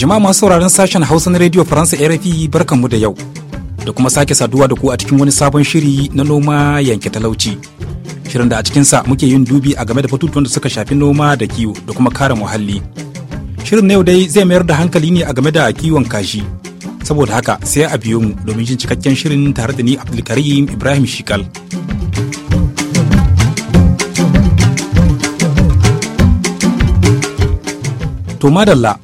Jama'a masu sauraron sashen Hausa na Radio Faransa RFI barkanmu da yau. Da kuma sake saduwa da ku a cikin wani sabon shiri na noma yanke talauci. Shirin da a cikinsa muke yin dubi a game da batutuwan da suka shafi noma da kiwo da kuma kare muhalli. Shirin na yau dai zai mayar da hankali ne a game da kiwon kashi. Saboda haka sai a biyo mu domin jin cikakken shirin tare da ni Abdulkarim Ibrahim Shikal. To madalla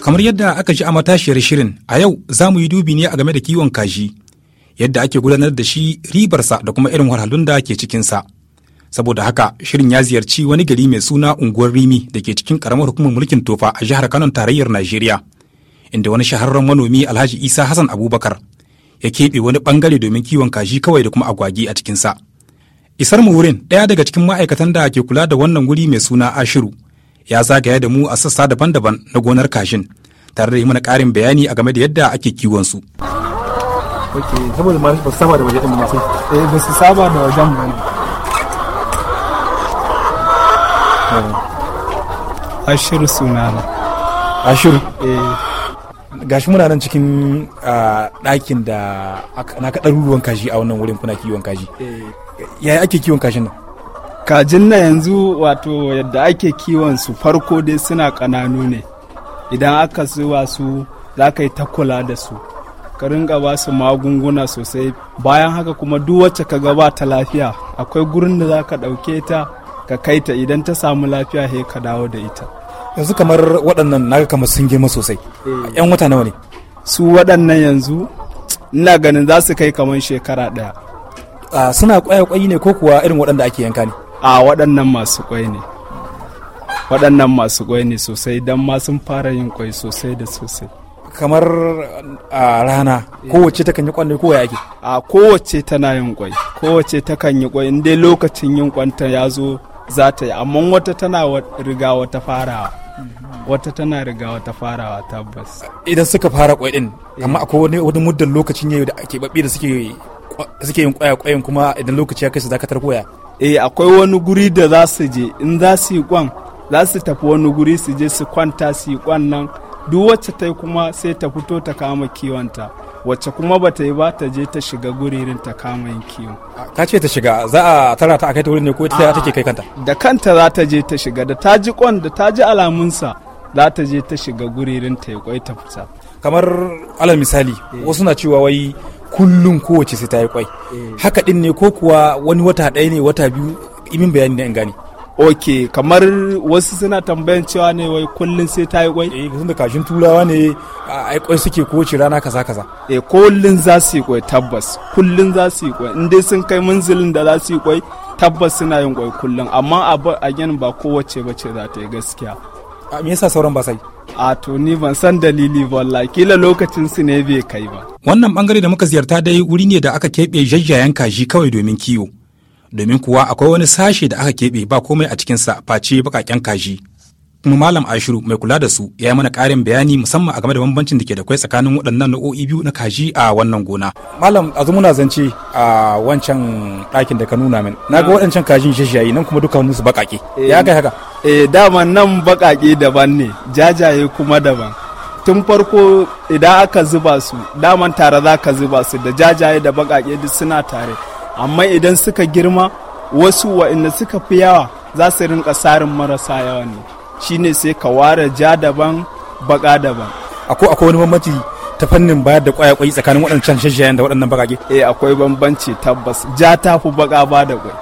Kamar yadda aka ji a matashiyar shirin, a yau za mu yi dubi ne a game da kiwon kaji, yadda ake gudanar da shi ribarsa da kuma irin wahalhalun da ke cikinsa. Saboda haka, shirin ya ziyarci wani gari mai suna unguwar Rimi da ke cikin karamar hukumar mulkin Tofa a jihar Kano tarayyar Najeriya, inda wani shahararren manomi Alhaji Isa Hassan Abubakar ya keɓe wani ɓangare domin kiwon kaji kawai da kuma agwagi a cikinsa. Isar mu wurin ɗaya daga cikin ma'aikatan da ke kula da wannan wuri mai suna Ashiru ya zagaya da mu a sassa daban-daban na gonar kashin tare da yi mana ƙarin bayani a game da yadda ake kiwon su. saboda ma ba su saba da waje eh, saba da eh, ashir suna ashir eh. gashi muna nan cikin ɗakin da na ɗaruruwan kaji a wannan wurin kuna kiwon kaji yaya ake kiwon kashin nan kajin na yanzu wato yadda ake kiwon su farko dai suna kananu ne idan aka zuwa su za ka yi ta kula da su ka ringa ba su magunguna sosai bayan haka kuma duk wacce ka gaba ta lafiya akwai gurin da za ka ɗauke ta ka kai ta idan ta samu lafiya he ka dawo da ita yanzu kamar waɗannan naga kamar sun girma sosai yan eh. wata nawa ne su waɗannan yanzu ina ganin za su kai kamar shekara ɗaya ah, suna kwaya kwayi ne ko kuwa irin waɗanda ake yanka ne a waɗannan masu kwai ne waɗannan masu kwai ne sosai don ma sun fara yin kwai sosai da sosai kamar a rana eh. kowace ta kan yi kwanne kowa yake a kowace tana yin kwai kowace ta kan yi kwai inda lokacin yin kwanta ya zo za ta yi amma wata tana riga wata farawa mm-hmm. wata tana riga wata farawa tabbas idan suka fara kwai din eh. amma akwai wani muddin lokacin yayi da ake babbi da suke suke yin kwaya kwayan kuma idan lokaci ya kai su dakatar koya eh akwai wani guri da za su je in za su yi kwan za su tafi wani guri su je su kwanta su yi kwan nan duk wacce ta yi kuma sai ta fito ta kama kiwonta wacce kuma ba ta yi ba ta je ta shiga guririn ta kama yin kiwo ka ce ta shiga za a tara ta a kai ta wurin ne ko ta take kai kanta da kanta za ta je ta shiga da ta ji kwan da ta ji alamunsa za ta je ta shiga guririn ta ya kwai ta fita kamar alal misali eh. wasu na cewa wai kullum kowace sai ta yi kwai eh. haka din ne ko kuwa wani wata ɗaya ne wata biyu imin bayani ne in gani. ok kamar wasu suna tambayan cewa ne wai kullum sai ta yi kwai eh da kashin turawa ne ai kwai suke kowace rana kaza kaza eh kullum za su yi kwai tabbas kullum za su yi kwai in dai sun kai manzilin da za su yi kwai tabbas suna yin kwai kullum amma a again ba kowace bace za ta yi gaskiya me yasa sauran ba sai a to ban san dalili ba kila lokacin su ne bai kai ba wannan bangare da muka ziyarta dai wuri ne da aka keɓe jajjayen kaji kawai domin kiwo domin kuwa akwai wani sashe da aka keɓe ba komai a cikinsa face baƙaƙen kaji kuma malam ashiru mai kula da su ya yi mana ƙarin bayani musamman a game da bambancin da ke da kwai tsakanin waɗannan nau'o'i biyu na kaji a wannan gona malam azu muna zance a wancan ɗakin da ka nuna min na ga ah. waɗancan kajin shashayi nan kuma dukkanin su baƙaƙe ya eh, kai haka eh dama nan baƙaƙe daban ne jajaye kuma daban tun farko idan aka zuba su daman tare za ka zuba su da jajaye da baƙaƙe duk suna tare amma idan suka girma wasu wa'inda suka fi yawa za su rinka sarin marasa yawa ne shine sai ka ware ja daban baka daban akwai akwai wani bambanci ta fannin bayar da kwaya kwai tsakanin waɗancan shashayen da waɗannan bakage eh akwai bambanci tabbas ja ta fi baka ba da kwai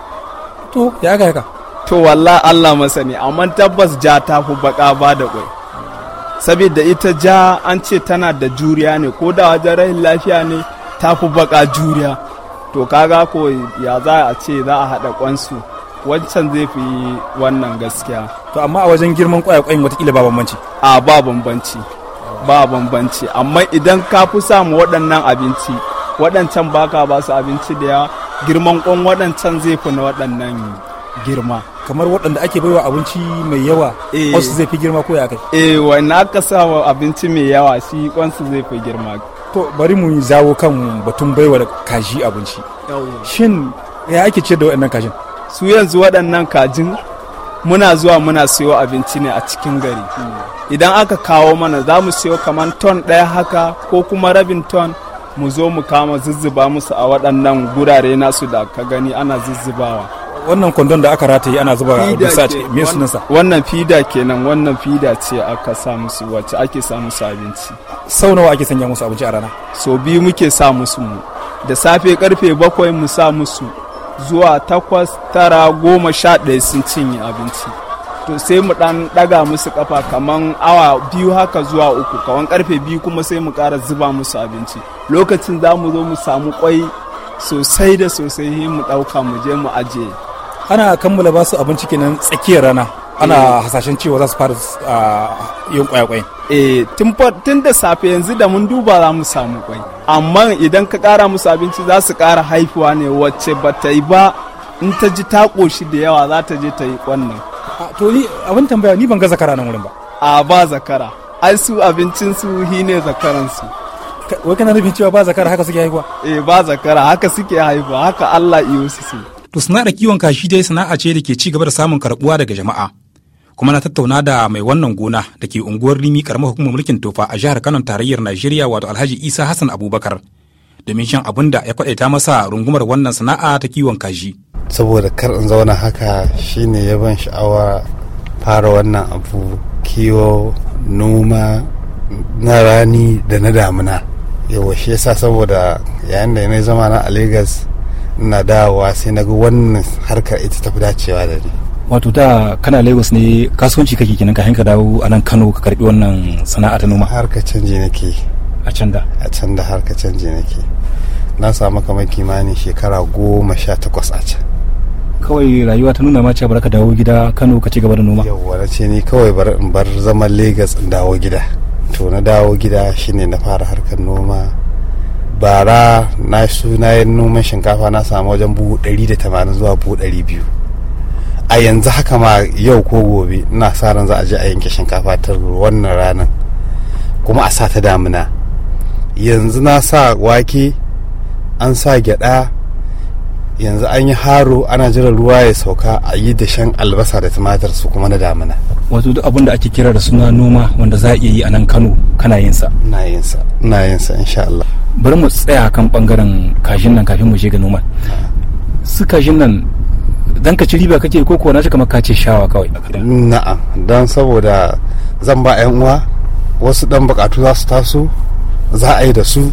to ya ga ka to walla Allah masani amma tabbas ja ta fi baka ba da kwai saboda ita ja an ce tana da juriya ne ko da wajen rahin lafiya ne ta fi baka juriya to kaga ko ya za a ce za a haɗa kwansu wancan zai fi wannan gaskiya to amma a wajen girman kwaya kwayakwayin watakila ba bambanci a ba bambanci ba bambanci amma idan ka fi samu waɗannan abinci waɗancan baka ba su abinci da yawa girman kwan waɗancan zai fi na waɗannan girma kamar waɗanda ake baiwa abinci mai yawa eh. wasu zai fi girma ko ya kai eh wani aka sa wa abinci mai yawa shi kwansu zai fi girma to bari mu zawo kan batun baiwa da kaji abinci shin ya ake ciyar da waɗannan kajin su yanzu waɗannan kajin muna zuwa muna siyo abinci ne a cikin gari idan aka kawo mana za mu siyo kamar ton ɗaya haka ko kuma rabin ton mu zo mu kama zuzzuba musu a waɗannan gurare nasu da ka gani ana zuzzubawa wannan kwandon da aka rataye ana zuba bisa ce me sunansa wannan fida kenan wannan fida ce aka sa musu wacce ake sa musu abinci sau nawa ake sanya musu abinci a rana so biyu muke sa musu mu da safe karfe bakwai mu sa musu zuwa takwas tara goma sha ɗaya sun cinye abinci to sai mu ɗan ɗaga musu ƙafa, kaman awa biyu haka zuwa uku kawan karfe biyu kuma sai mu ƙara zuba musu abinci lokacin za mu zo mu samu kwai sosai da sosai mu ɗauka mu je mu ajiye ana kammala basu su abinci kenan tsakiyar rana ana eh. hasashen cewa za su fara ah, yin kwaya kwai Eh, tun da safe yanzu da mun duba za mu samu kwai. Amma idan ka ƙara musu abinci za su ƙara haifuwa ne wacce ba ta yi ba in ta ji ta koshi da yawa za ta je ta yi kwannan ah, To ni abin tambaya ni ban ga zakara nan wurin ba. A ba zakara. Ai su abincin su hi ne zakaransu. Wai kana nufin cewa ba zakara haka suke haihuwa? Eh ba zakara haka suke haihuwa haka Allah iyo su. To sana'ar kiwon kashi dai sana'a ce da ke ci gaba da samun karbuwa daga jama'a. kuma na tattauna da mai wannan gona da ke unguwar rimi karamar hukumar mulkin tofa a jihar kano tarayyar najeriya wato alhaji isa hassan abubakar domin shan abun da ya kwadaita masa rungumar wannan sana'a ta kiwon kaji saboda kar in zauna haka shine ya ban sha'awa fara wannan abu kiwo noma na rani da na damina. yawa shi yasa saboda yayin da na zama na a lagos na dawowa sai na ga wannan harkar ita tafi dacewa da ni wato da kana lagos ne kasuwanci kake kenan ka ka dawo a nan kano ka karbi wannan sana'a ta noma harka canji nake a can da a can da harka canji nake na samu kamar kimanin shekara goma sha takwas a can kawai rayuwa ta nuna mace bar ka dawo gida kano ka ci gaba da noma yawwa na ce ni kawai bar in bar zaman lagos in dawo gida to na dawo gida shine na fara harkar noma bara na suna noman shinkafa na samu wajen buhu 180 zuwa buhu 200 a yanzu haka ma yau ko gobe ina sa ran za a je a yanke shinkafa ta wannan ranar kuma a sa ta damina yanzu na sa wake an sa gyada yanzu an yi haro ana jiran ruwa ya sauka a yi dashen albasa da tumatir su kuma na damina wato duk abin da ake kira da suna noma wanda za a iya yi a nan kano kana yin sa na yin sa na yin sa insha Allah bari mu tsaya kan bangaren kashin nan kafin mu je ga noma su kashin nan dan ka ci riba kake ko ko na shi kamar ka ce shawa kawai na'a dan saboda zan ba yan uwa wasu dan bukatu za su taso za a yi da su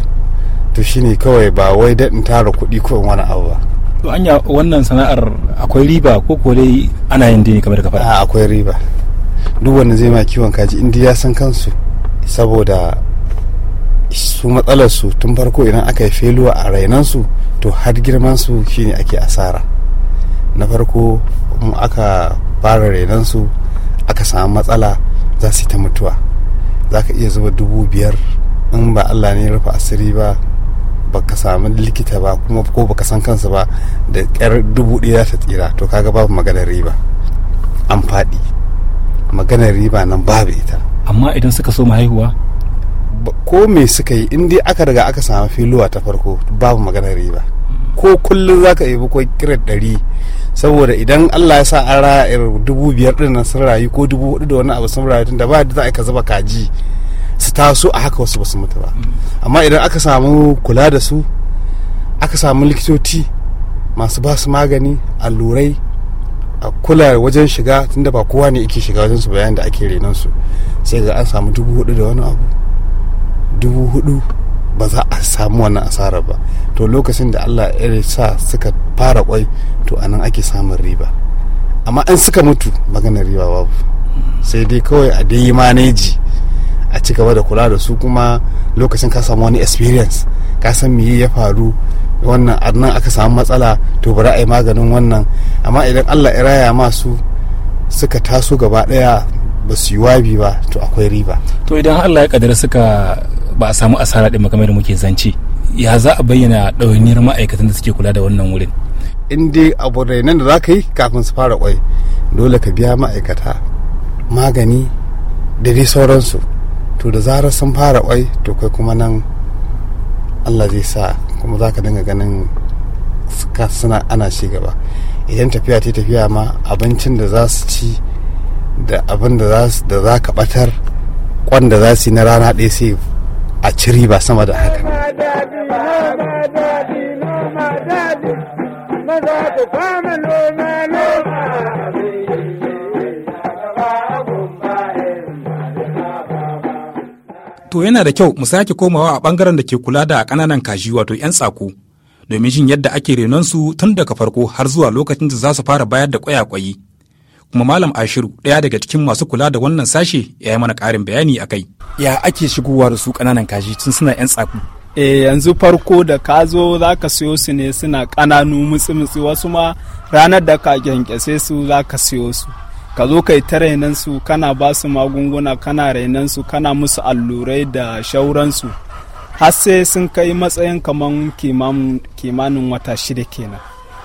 to shine kawai ba wai daɗin tara kuɗi ko wani abu ba to anya wannan sana'ar akwai riba ko ko dai ana yin dini kamar ka kafa a akwai riba duk wanda zai ma kiwon kaji indi ya san kansu saboda su matsalar su tun farko idan aka yi feluwa a rainansu to har girman su shine ake asara na farko aka fara renon su aka samu matsala za su yi ta mutuwa za ka iya zuba dubu biyar in ba allah ne rufe asiri ba baka samu likita ba kuma ko baka san kansa ba da kyar dubu ɗaya ta tsira to kaga babu maganar riba an faɗi maganar riba nan babu ita amma idan suka so haihuwa ko me suka yi in dai aka riga aka samu filuwa ta farko babu maganar riba ko kullum za ka yabi ko kiran ɗari saboda idan allah ya sa an raya dubu biyar ɗin sun rayu ko dubu hudu da wani abu sun rayu tun da ba za a yi ka zuba kaji su taso a haka wasu basu mutu ba amma idan aka samu kula da su aka samu likitoci masu ba su magani allurai a kula wajen shiga tunda ba kowa ne yake shiga wajen su bayan da ake renon su sai ga an samu dubu hudu da wani abu dubu hudu ba za a samu wannan asara ba to lokacin da allah ya sa suka fara kwai to anan ake samun riba amma in suka mutu maganar riba babu sai dai kawai a dai maneji a ci gaba da kula da su kuma lokacin ka samu wani experience ka san me ya faru wannan nan aka samu matsala to bari a yi maganin wannan amma idan allah ya raya masu suka taso gaba daya ba su yi wabi ba to akwai riba to idan allah ya kadar suka ba a samu asara ɗin makamai da muke zance ya za a bayyana ɗawainiyar ma'aikatan da suke kula da wannan wurin in dai abu nan da za ka yi kafin su fara kwai dole ka biya ma'aikata magani da dai sauransu to da zarar sun fara kwai to kai kuma nan allah zai sa kuma za ka dinga ganin suna ana ci gaba idan tafiya ta tafiya ma abincin da za su ci da abin da za ka batar kwan da za su yi na rana ɗaya sai a ciri ba sama da haka To yana da kyau mu sake komawa a bangaren da ke kula da ƙananan kaji wato 'yan tsako domin jin yadda ake renon su tun daga farko har zuwa lokacin da za su fara bayar da kwaya-kwayi. kuma malam ashiru ɗaya daga cikin masu kula da wannan sashe ya yi mana ƙarin bayani a kai ya ake shigowa da su ƙananan kaji tun suna 'yan tsaku e eh, yanzu farko da ka zo za ka siyo su ne suna ƙananu mutsi-mutsi wasu ma ranar da ka kyankyase su za ka siyo su ka zo ka yi ta su kana ba su magunguna kana rainan su kana musu allurai da shauransu har sai sun kai matsayin kaman kimanin wata shida kenan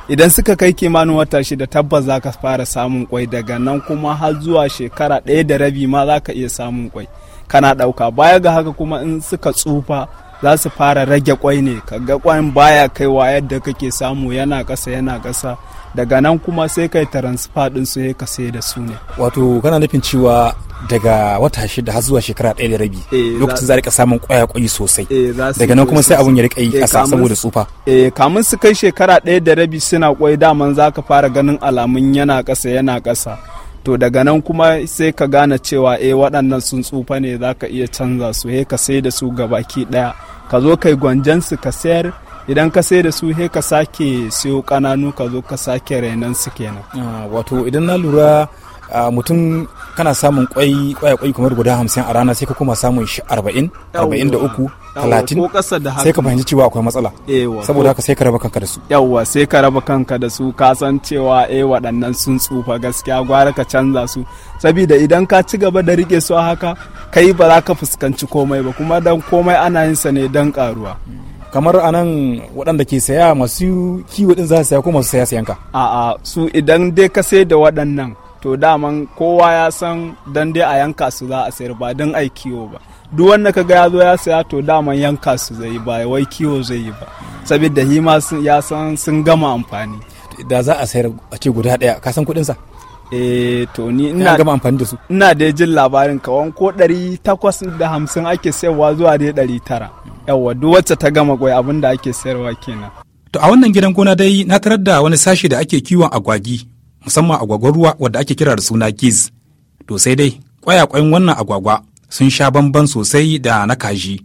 idan suka kai kimanin wata shida tabbas za ka fara samun kwai daga nan kuma har zuwa shekara ɗaya da rabi ma za ka iya samun kwai kana ɗauka baya ga haka kuma in suka tsufa za su fara rage kwai ne kaga kwain baya kaiwa yadda kake samu yana ƙasa yana ƙasa daga nan kuma sai kai transfer din su ka sai da su ne wato kana nufin cewa daga wata shida har zuwa shekara ɗaya da rabi eh, lokacin za a rika samun kwaya kwai sosai eh, daga nan kuma sai abun ya rika yi eh, ƙasa saboda tsufa eh kamun su kai shekara ɗaya da rabi suna kwai daman za ka fara ganin alamun yana ƙasa yana ƙasa to daga nan kuma sai ka gane cewa eh waɗannan sun tsufa ne za ka iya canza su he ka sai da su gabaki ɗaya ka zo kai su ka sayar idan ka sai da su he ka sake siyo kananu ka zo ka sake rainan su kenan ah, wato idan na lura Ah, mutum kana samun kwai kwaya kwai kamar guda hamsin a rana sai ka kuma samun shi arba'in arba'in da uku talatin sai ka fahimci cewa akwai matsala saboda haka sai ka raba kanka da su yawwa sai ka raba kanka da su ka san cewa eh waɗannan sun tsufa gaskiya gwara ka canza su saboda idan ka ci gaba da rike su haka kai ba za ka fuskanci komai ba kuma dan komai ana yin sa ne dan karuwa kamar a nan waɗanda ke saya masu kiwo din za su saya ko masu saya sayanka a'a su idan dai ka sai da waɗannan to daman kowa ya san dan dai a yanka su za a sayar ba don ai kiwo ba duk wanda kaga ya zo ya saya to daman yanka su zai yi ba wai kiwo zai yi ba saboda ma ya san sun gama amfani da za a sayar a ce guda daya ka san kuɗin sa eh to ni ina gama amfani da su ina da jin labarin kawan ko ɗari takwas da hamsin ake sayarwa zuwa dai ɗari tara yawa duk wacce ta gama gwai abin da ake sayarwa kenan to a wannan gidan gona dai na tarar da wani sashi da ake kiwon agwagi musamman agwagwar ruwa wadda ake kira da suna kiz to sai dai kwayakwayen wannan agwagwa sun sha bamban sosai da na kaji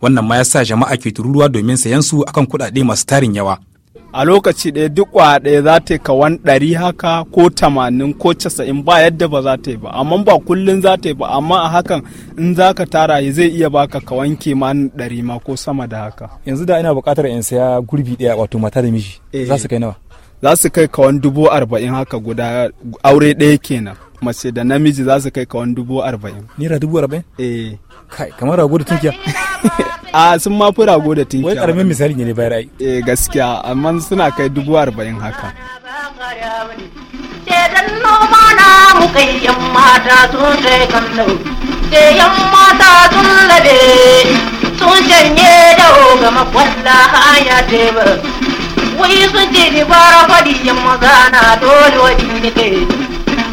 wannan ma yasa jama'a ke tururuwa domin sayan su akan kuɗaɗe masu tarin yawa a lokaci ɗaya duk kwaya ɗaya za ta yi kawan ɗari haka ko tamanin ko casa'in ba yadda ba za ta yi ba amma ba kullum za ta yi ba amma a hakan in za ka tara zai iya baka kawan kimanin ɗari ma ko sama da haka yanzu da ina buƙatar in saya gurbi ɗaya wato mata da miji za su eh. kai nawa za su kai kawan dubu arba'in haka guda aure ɗaya kenan mace da namiji za su kai kawan dubu arba'in naira dubu arba'in eh kai kamar rago da tunkiya a sun ma fi rago da tunkiya wai karamin misali ne bai rai eh gaskiya amma suna kai dubu arba'in haka yan mata sun labe sun janye da ogama makwalla haya tebur wai sun ce ni fara faɗi yin magana dole wani ne ke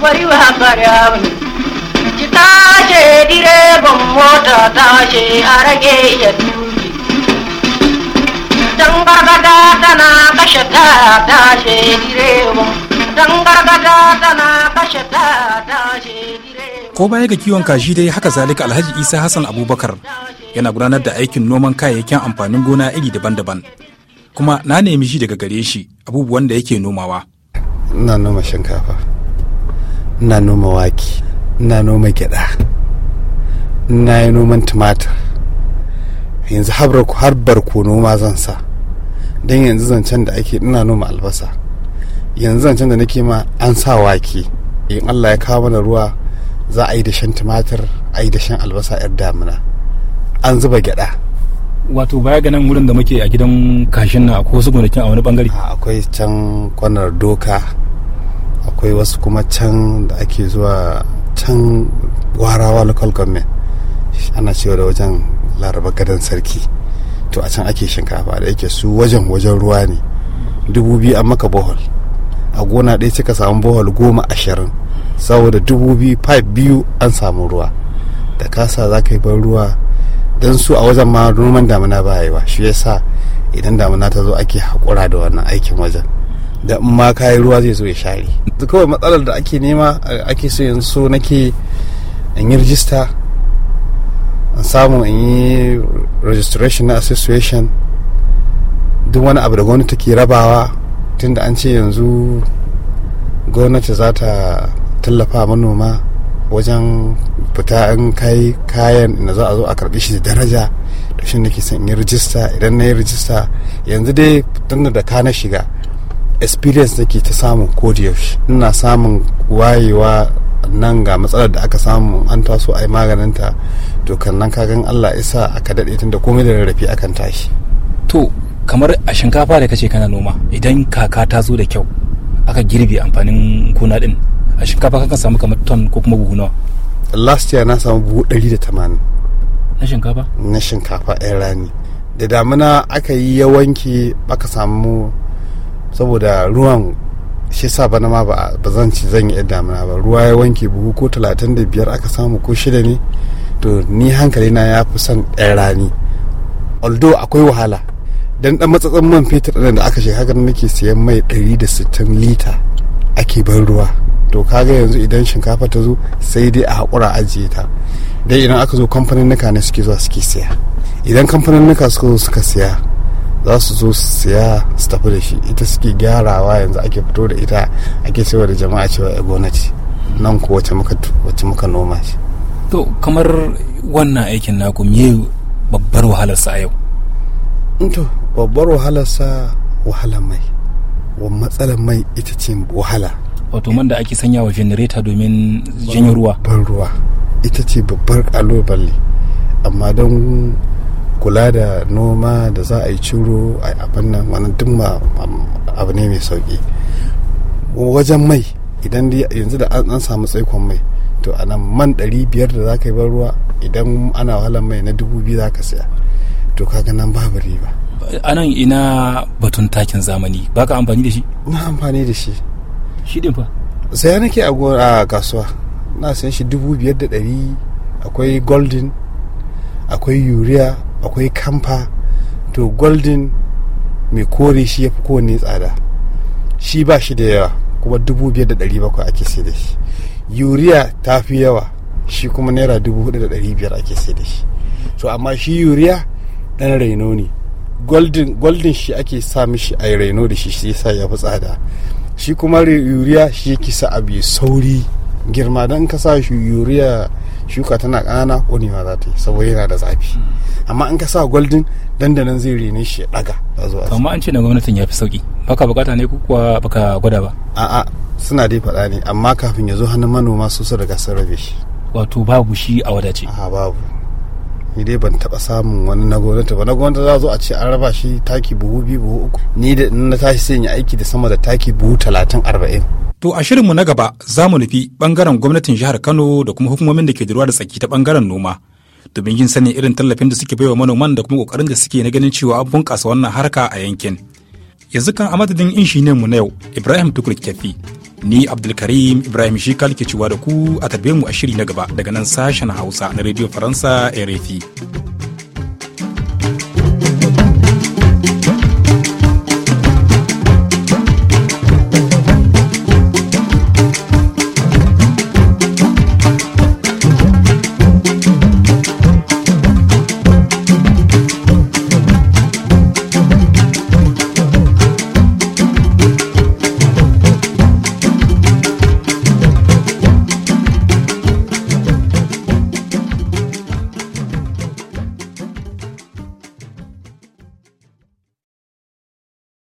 bari wa kare ta ce direban mota tashe a rage ya tuki dan gargada tana kashe ta tashe direban tana kashe ko baya ga kiwon kashi dai haka zalika alhaji isa hassan abubakar yana gudanar da aikin noman kayayyakin amfanin gona iri daban-daban kuma na nemi shi daga gare shi abubuwan da yake nomawa ina noma shinkafa ina noma wake ina noma gyada ina yi noman tumatir yanzu har barku noma zan sa don yanzu zancen da ake ina noma albasa yanzu zancen da nake ma an sa wake in allah ya kawo mana ruwa za a yi dashen tumatir a yi dashen albasa 'yar damina an zuba gyada wato baya ga nan wurin da muke a gidan kashin na akwai wasu gonakin a wani bangare akwai can kwanar doka akwai wasu kuma can da ake zuwa can warawa local government ana cewa da wajen laraba gadon sarki to a can ake shinkafa da yake su wajen wajen ruwa ne dubu biyu an maka bohol a gona ɗaya cika samu bohol goma ashirin saboda dubu biyu biyu an samu ruwa da kasa za ka yi ban ruwa don su a wajen ma noman damuna ba yi ba shi sa idan damuna ta zo ake haƙura da wannan aikin wajen da in ma kayi ruwa zai zo ya share kawai matsalar da ake nema ake so yanzu nake in yi rijista in samu in yi registration na association duk wani abu da gwamnati ke rabawa tunda an ce yanzu gwamnati za ta tallafa manoma wajen fita in kai kayan na za a zo a karbi shi da daraja da shi nake son yi rijista idan na yi rijista yanzu dai tunda da ka na shiga experience nake ta samun yaushe ina samun wayewa nan ga matsalar da aka samu an taso a yi maganinta to kan nan kagan allah isa aka daɗe tunda komai da rarrafe akan tashi to kamar a shinkafa da kace kana noma idan kaka ta zo da kyau aka girbe amfanin gona din a shinkafa kan samu kamar ton ko kuma buhu nawa last year na samu buhu 180 na shinkafa na shinkafa ɗaya rani da damina aka yi yawanki aka samu saboda ruwan shi sa bana ma ba zan ci zan yi damina ba ruwa ya wanke buhu ko 35 aka samu ko shida ne to ni hankali na ya fi son ɗan rani although akwai wahala dan dan matsatsan man fetur da aka shiga haka nake siyan mai 160 lita ake ban ruwa to kaga yanzu idan shinkafa ta zo sai dai a haƙura ajiye ta dai idan aka zo kamfanin nuka ne suke zuwa suke siya idan kamfanin nuka suka zo suka siya za su zo siya su tafi da shi ita suke gyarawa yanzu ake fito da ita ake cewa da jama'a cewa ya eh, gwamnati nan ko wacce muka muka noma shi to kamar wannan aikin na ku me babbar wahalar sa yau to babbar sa wahalar mai wa matsalar mai ita ce wahala wato man da ake sanya wa janareta domin janyo ruwa ban ruwa ita ce babbar kalubale amma don kula da noma da za a yi ciro a abin nan wannan duk abu ne mai sauki wajen mai idan yanzu da an samu tsaikon mai to a nan man 500 da za ka yi ban ruwa idan ana wahalar mai na 2000 za ka saya to kaga nan babu riba anan ina batun takin zamani baka amfani da shi na amfani da shi shi din fa ya nake a kasuwa na sayan shi dubu biyar da ɗari akwai golden akwai urea akwai kamfa to golden mai kore shi ya fi kowane tsada shi ba shi da yawa kuma dubu biyar da ɗari bakwai ake sai da shi urea ta fi yawa shi kuma naira dubu hudu da ɗari biyar ake sai da shi to amma shi urea ɗan raino ne golden shi ake sa mishi a raino da shi shi yasa ya fi tsada shi kuma yuriya shi yake sa abu sauri girma don ka sa shi yuriya shuka tana ƙanana ƙonewa za ta yi saboda yana da zafi amma in ka sa goldin dandanan zai rene shi ya ɗaga amma an ce na gwamnatin ya fi sauki baka bukata ne kuwa baka gwada ba a'a suna dai faɗa ne amma kafin ya zo hannun manoma su su daga sun shi wato babu shi a wadace a babu ni dai ban taba samun wani na gwamnati ba na gwamnati za zo a ce an raba shi taki buhu biyu buhu uku ni da na tashi sai yi aiki da sama da taki buhu talatin arba'in. to a shirinmu na gaba za mu nufi bangaren gwamnatin jihar kano da kuma hukumomin da ke da ruwa da tsaki ta bangaren noma domin yin sanin irin tallafin da suke baiwa manoman da kuma kokarin da suke na ganin cewa an bunkasa wannan harka a yankin yanzu kan a madadin injiniyan mu na yau ibrahim tukur kefi ni abdulkarim ibrahim shikal ke cewa da ku a tarbe mu a shiri na gaba daga nan sashen hausa na radio faransa rfi